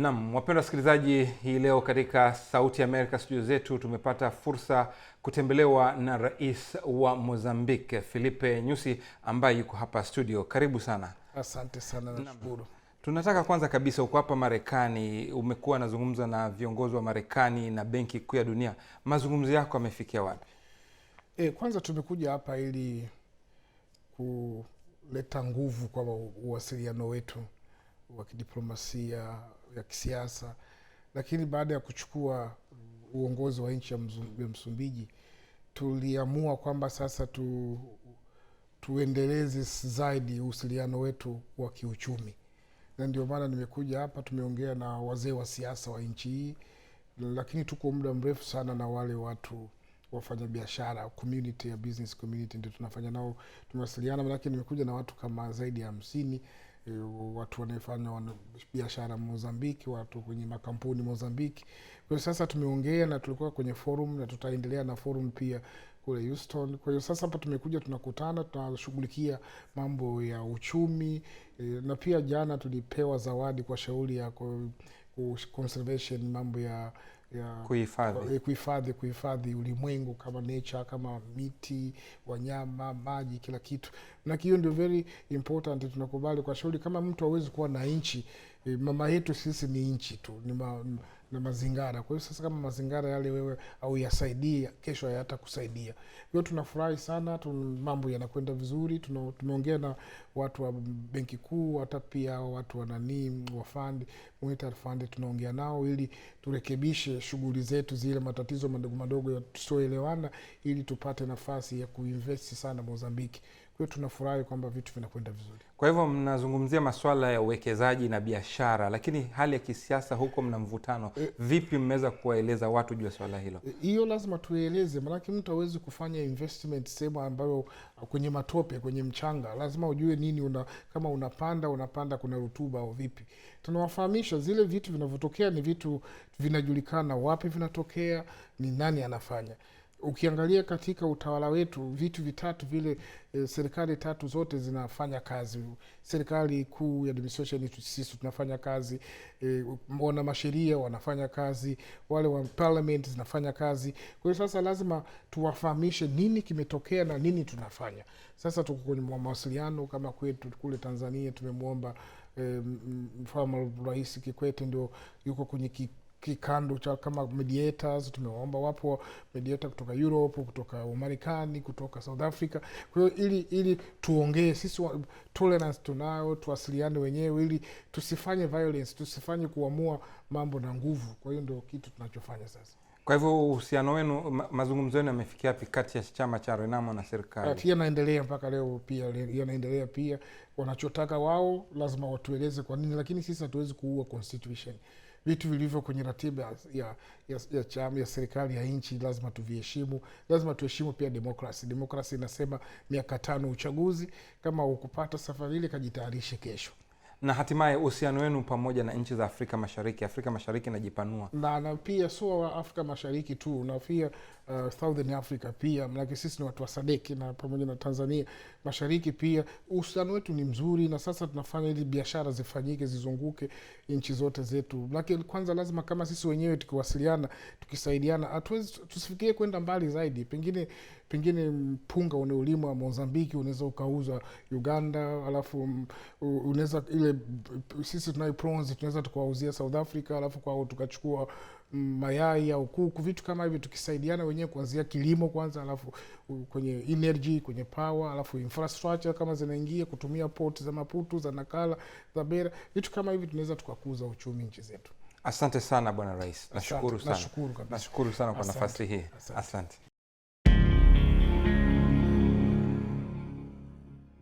Nam, wapendwa wasikilizaji, hii leo katika Sauti ya Amerika studio zetu tumepata fursa kutembelewa na rais wa Mozambique Filipe Nyusi ambaye yuko hapa studio. Karibu sana. Asante sana, nashukuru. Tunataka kwanza kabisa, uko hapa Marekani, umekuwa nazungumza na viongozi wa Marekani na Benki Kuu ya Dunia, mazungumzo yako yamefikia wapi? E, kwanza tumekuja hapa ili kuleta nguvu kwa uwasiliano wetu wa kidiplomasia ya kisiasa, lakini baada ya kuchukua uongozi wa nchi ya Msumbiji tuliamua kwamba sasa tu, tuendeleze zaidi uhusiliano wetu wa kiuchumi, na ndio maana nimekuja hapa. Tumeongea na wazee wa siasa wa nchi hii, lakini tuko muda mrefu sana na wale watu wafanyabiashara community ya business community, ndio tunafanya nao tumewasiliana, manake nimekuja na watu kama zaidi ya hamsini e, watu wanaefanya wana biashara Mozambiki, watu kwenye makampuni Mozambiki. Kwa hiyo sasa tumeongea na tulikuwa kwenye forum na tutaendelea na forum pia kule Houston. Kwa hiyo sasa hapa tumekuja tunakutana, tunashughulikia mambo ya uchumi e, na pia jana tulipewa zawadi kwa shauri ya conservation mambo ya ya kuhifadhi eh, kuhifadhi kuhifadhi ulimwengu kama nature kama miti, wanyama, maji, kila kitu. Na hiyo ndio very important, tunakubali kwa shughuli kama mtu awezi kuwa na nchi e, mama yetu sisi ni nchi tu ni ma, na mazingara. Kwa hiyo sasa, kama mazingara yale wewe au yasaidia kesho kusaidia Hiyo tunafurahi sana tu, mambo yanakwenda vizuri. Tumeongea na watu wa benki kuu, hata pia watu wa nani wa fund monetary fund, tunaongea nao ili turekebishe shughuli zetu zile, matatizo madogo madogo tusioelewana, ili tupate nafasi ya kuinvesti sana Mozambiki hiyo tunafurahi kwamba vitu vinakwenda vizuri. Kwa hivyo mnazungumzia masuala ya uwekezaji na biashara, lakini hali ya kisiasa huko mna mvutano e, vipi mmeweza kuwaeleza watu juu ya swala hilo? E, hiyo lazima tueleze, manake mtu awezi kufanya investment sehemu ambayo uh, kwenye matope, kwenye mchanga. Lazima ujue nini una, kama unapanda unapanda kuna rutuba au vipi. Tunawafahamisha zile vitu vinavyotokea ni vitu vinajulikana, wapi vinatokea, ni nani anafanya ukiangalia katika utawala wetu vitu vitatu vile e, serikali tatu zote zinafanya kazi. Serikali kuu ya administration sisi tunafanya kazi e, eh, wana masheria wanafanya kazi, wale wa parliament zinafanya kazi. Kwa hiyo sasa lazima tuwafahamishe nini kimetokea na nini tunafanya. Sasa tuko kwenye mawasiliano kama kwetu kule Tanzania tumemwomba e, eh, mfalme Rais Kikwete ndio yuko kwenye kikando cha kama mediators. Tumewaomba, wapo mediator kutoka Europe, kutoka Marekani, kutoka South Africa. kwahiyo ili ili tuongee sisi, tolerance tunayo, tuwasiliane wenyewe ili tusifanye violence, tusifanye kuamua mambo na nguvu. Kwa hiyo ndio kitu tunachofanya sasa. Kwa hivyo uhusiano wenu ma, mazungumzo yenu yamefikia wapi kati ya chama cha Renamo na serikali? Yanaendelea mpaka leo, pia yanaendelea pia. Wanachotaka wao lazima watueleze kwa nini, lakini sisi hatuwezi kuua constitution vitu vilivyo kwenye ratiba ya, ya, ya, ya ya serikali ya nchi lazima tuviheshimu. Lazima tuheshimu pia demokrasi. Demokrasi inasema miaka tano uchaguzi, kama ukupata safari ile kajitayarishe kesho na hatimaye uhusiano wenu pamoja na nchi za Afrika Mashariki. Afrika Mashariki inajipanua na, na pia sio wa Afrika Mashariki tu na pia uh, Southern Africa pia, manake sisi ni watu wa Sadeki na pamoja na Tanzania Mashariki pia uhusiano wetu ni mzuri, na sasa tunafanya ili biashara zifanyike zizunguke nchi zote zetu, manake kwanza lazima kama sisi wenyewe tukiwasiliana, tukisaidiana, tusifikirie kwenda mbali zaidi pengine pengine mpunga unaolimwa Mozambiki unaweza ukauzwa Uganda, alafu mm, unaweza ile sisi tunayo prawns tunaweza tukawauzia South Africa, alafu kwao tukachukua mm, mayai au kuku, vitu kama hivyo, tukisaidiana wenyewe kuanzia kilimo kwanza, alafu kwenye energy, kwenye power, alafu infrastructure kama zinaingia kutumia port za Maputo, za Nakala, za Beira, vitu kama hivi tunaweza tukakuza uchumi nchi zetu. Asante sana Bwana Rais, nashukuru sana, nashukuru nashukuru sana kwa nafasi hii, asante.